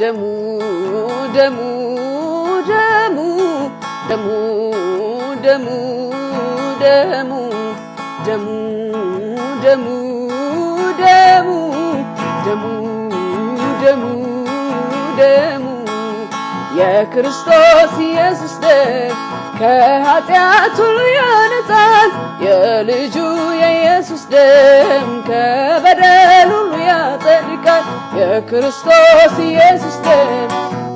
ደሙ ደሙ ደሙ ደሙ ደሙ ደሙ ደሙ ደሙ ደሙ ደሙ ደሙ ደሙ የክርስቶስ ኢየሱስ ደም ከኃጢአት ሁሉ ያነጻል። የልጁ የኢየሱስ ደም ከበደሉ ቀን የክርስቶስ ኢየሱስ ደም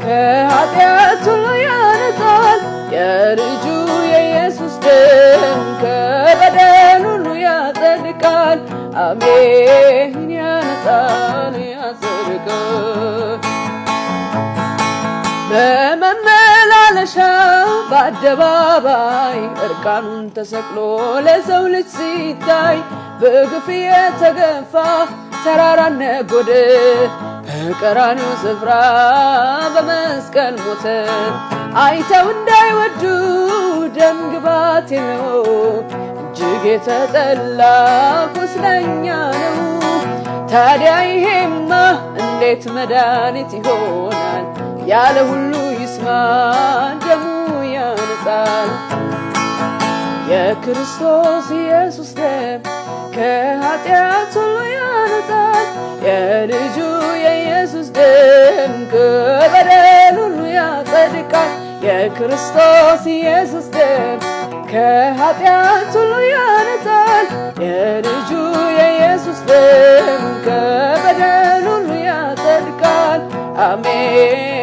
ከኃጢአት ሁሉ ያነጻል። የልጁ የኢየሱስ ደም ከበደል ሁሉ ያጸድቃል። አሜን ያነጻል፣ ያጸድቃል። በመመላለሻ በአደባባይ እርቃኑን ተሰቅሎ ለሰው ልጅ ሲታይ በግፍ የተገፋ ተራራነ ጎደ በቀራኒው ስፍራ በመስቀል ሞተ። አይተው እንዳይወዱ ደንግባት ነው እጅግ የተጠላ ቁስለኛ ነው። ታዲያ ይሄማ እንዴት መድኃኒት ይሆናል? ያለ ሁሉ ይስማ ደሙ ያነጻል። የክርስቶስ ኢየሱስ ደም ከኃጢአቱ የልጁ የኢየሱስ ደም ከበደል ሁሉ ያጸድቃል። የክርስቶስ ኢየሱስ ደም ከኃጢአት ሁሉ ያነጻል። የልጁ የኢየሱስ ደም ከበደል ሁሉ ያጸድቃል። አሜን